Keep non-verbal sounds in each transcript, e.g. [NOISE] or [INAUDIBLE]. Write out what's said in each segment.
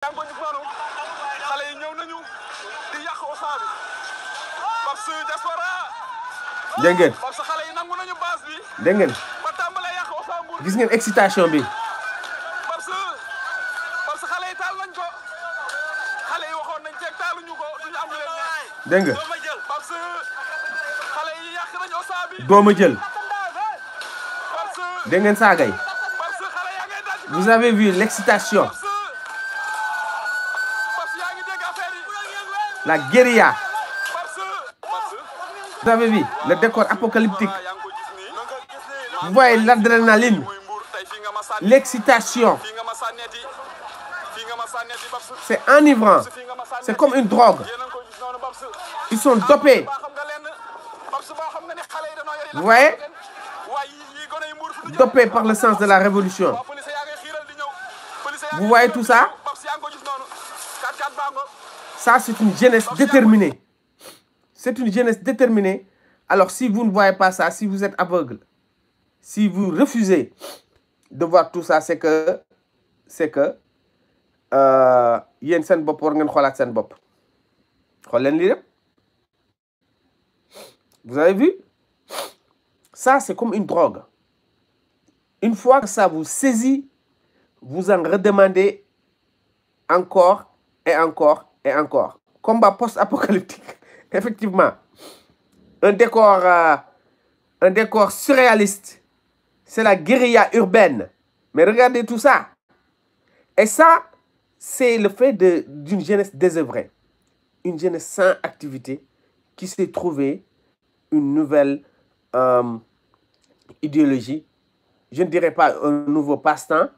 yaa ngi ko gis noonu xale yi ñëw yi nangu nañu base dégg ngeen ba gis ngeen excitation bi. Babs Babs xale yi taal nañ ko yi waxoon nañ ceeg taaluñu ko dégg nga Babs xale yi yàq nañu Ousmane bi. dooma jël. Babs dégg ngeen saagay. Babs vous avez vu l'excitation. la guérilla vous avez vu le décor apocalyptique vous voyez l'adrénaline l'excitation c'est enivrant c'est comme une drogue ils sont dopés vous voyez dopés par le sens de la révolution vous voyez tout ça ça, c'est une jeunesse déterminée. C'est une jeunesse déterminée. Alors, si vous ne voyez pas ça, si vous êtes aveugle, si vous refusez de voir tout ça, c'est que, c'est que, euh, vous avez vu ça c'est comme une drogue une fois que ça vous saisit vous en redemandez encore et encore et encore combat post-apocalyptique [LAUGHS] effectivement un décor euh, un décor surréaliste c'est la guérilla urbaine mais regardez tout ça et ça c'est le fait de d'une jeunesse désœuvrée une jeunesse sans activité qui s'est trouvée une nouvelle euh, idéologie je ne dirais pas un nouveau passe-temps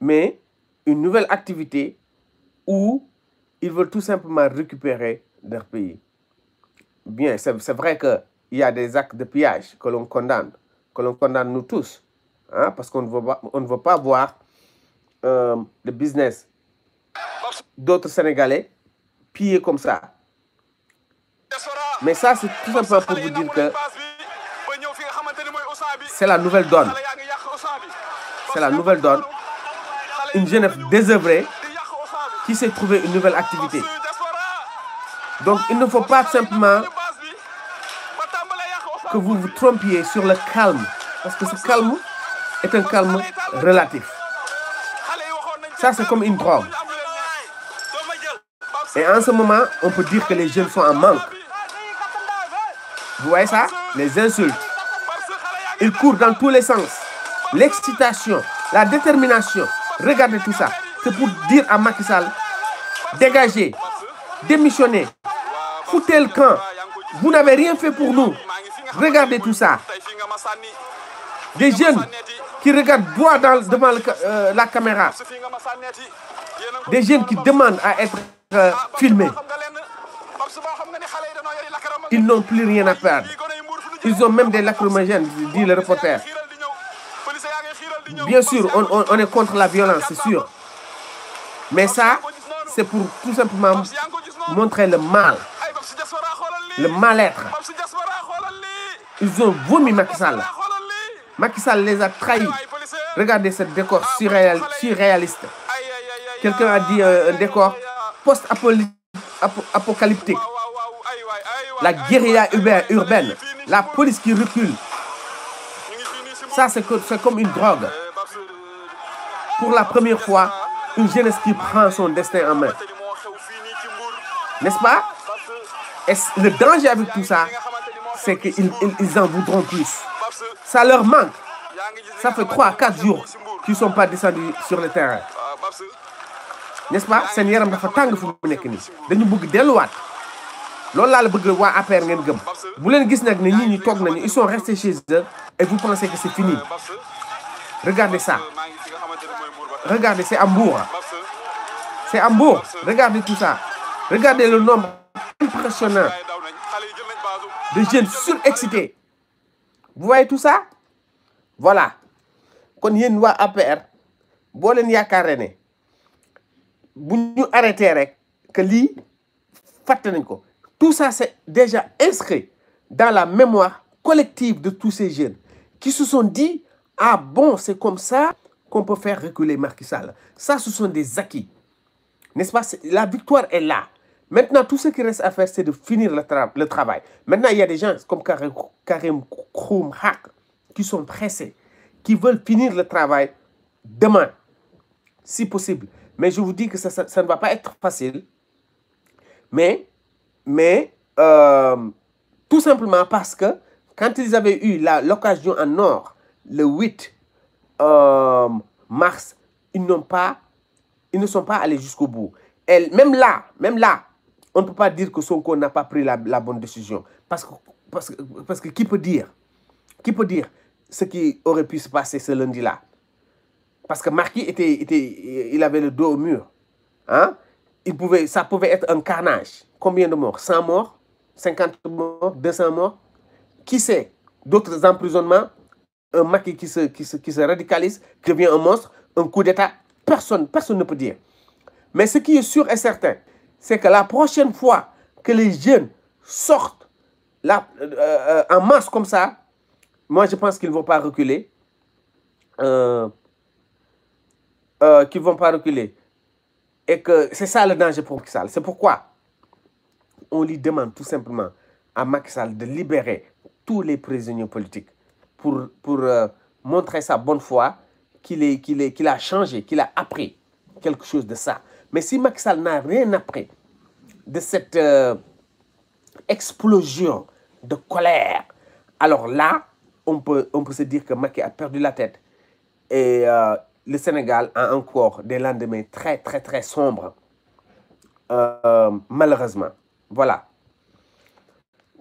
mais une nouvelle activité où ils veulent tout simplement récupérer leur pays. Bien, c'est vrai qu'il y a des actes de pillage que l'on condamne, que l'on condamne nous tous, hein, parce qu'on ne, veut pas, on ne veut pas voir euh, le business d'autres Sénégalais pillés comme ça. Mais ça, c'est tout simplement pour vous dire que c'est la nouvelle donne. C'est la nouvelle donne. Une jeunesse désœuvrée qui s'est trouvé une nouvelle activité. Donc il ne faut pas simplement que vous vous trompiez sur le calme, parce que ce calme est un calme relatif. Ça, c'est comme une drogue. Et en ce moment, on peut dire que les jeunes sont en manque. Vous voyez ça Les insultes. Ils courent dans tous les sens. L'excitation, la détermination. Regardez tout ça pour dire à Macky Sall dégagez démissionnez foutez le camp vous n'avez rien fait pour nous regardez tout ça des jeunes qui regardent boire devant euh, la caméra des jeunes qui demandent à être euh, filmés ils n'ont plus rien à perdre ils ont même des lacrymogènes dit le reporter bien sûr on est contre la violence c'est sûr mais ça, c'est pour tout simplement montrer le mal, le mal-être. Ils ont vomi Macky Sall. les a trahis. Regardez ce décor surréaliste. Quelqu'un a dit euh, un décor post-apocalyptique. La guérilla urbaine, la police qui recule. Ça, c'est comme une drogue. Pour la première fois, une jeunesse qui prend son destin en main. N'est-ce pas Le danger avec tout ça, c'est qu'ils ils en voudront plus. Ça leur manque. Ça fait 3 à 4 jours qu'ils ne sont pas descendus sur le terrain. N'est-ce pas Seigneur, yaram dafa tàng fu Vous nekk nii nous bëgg delluwaat loolu laa la bëgg waa APR ngeen gëm bu leen gis nag ni ñi ils sont restés chez eux et vous pensez que c'est fini Regardez ça. Regardez, c'est Hambourg. C'est Hambourg. Regardez tout ça. Regardez le nombre impressionnant de jeunes surexcités. Vous voyez tout ça Voilà. Quand APR tout ça c'est déjà inscrit dans la mémoire collective de tous ces jeunes qui se sont dit ah bon, c'est comme ça qu'on peut faire reculer Marquisal. Ça, ce sont des acquis. N'est-ce pas La victoire est là. Maintenant, tout ce qui reste à faire, c'est de finir le, travail. Maintenant, il y a des gens comme Karim, Krumhak qui sont pressés, qui veulent finir le travail demain, si possible. Mais je vous dis que ça, ne va pas être facile. Mais, mais euh, tout simplement parce que quand ils avaient eu l'occasion en or le 8 euh, mars, ils n'ont pas, ils ne sont pas allés jusqu'au bout. elle même là, même là, on ne peut pas dire que Sonko n'a pas pris la, la, bonne décision. Parce que, parce, que, parce que qui peut dire Qui peut dire ce qui aurait pu se passer ce lundi-là Parce que Marquis, était, était, il avait le dos au mur. Hein? Il pouvait, ça pouvait être un carnage. Combien de morts 100 morts 50 morts 200 morts Qui sait D'autres emprisonnements un maquis qui se, radicalise, qui devient un monstre, un coup d'État, personne, personne ne peut dire. Mais ce qui est sûr et certain, c'est que la prochaine fois que les jeunes sortent euh, euh, en masse comme ça, moi je pense qu'ils ne vont pas reculer. Euh, qu'ils vont pas reculer. Et que c'est ça le danger pour Macky C'est pourquoi on lui demande tout simplement à Macky Sall de libérer tous les prisonniers politiques pour, pour euh, montrer sa bonne foi qu'il est, qu'il est, qu'il a changé, qu'il a appris quelque chose de ça. Mais si Macky Sall n'a rien appris de cette euh, explosion de colère, alors là, on peut, on peut se dire que Macky a perdu la tête. Et euh, le Sénégal a encore des lendemains très, très, très sombres. malheureusement. Voilà.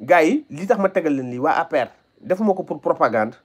Guy, l'idée li tax ma faire, defuma ko pour propagande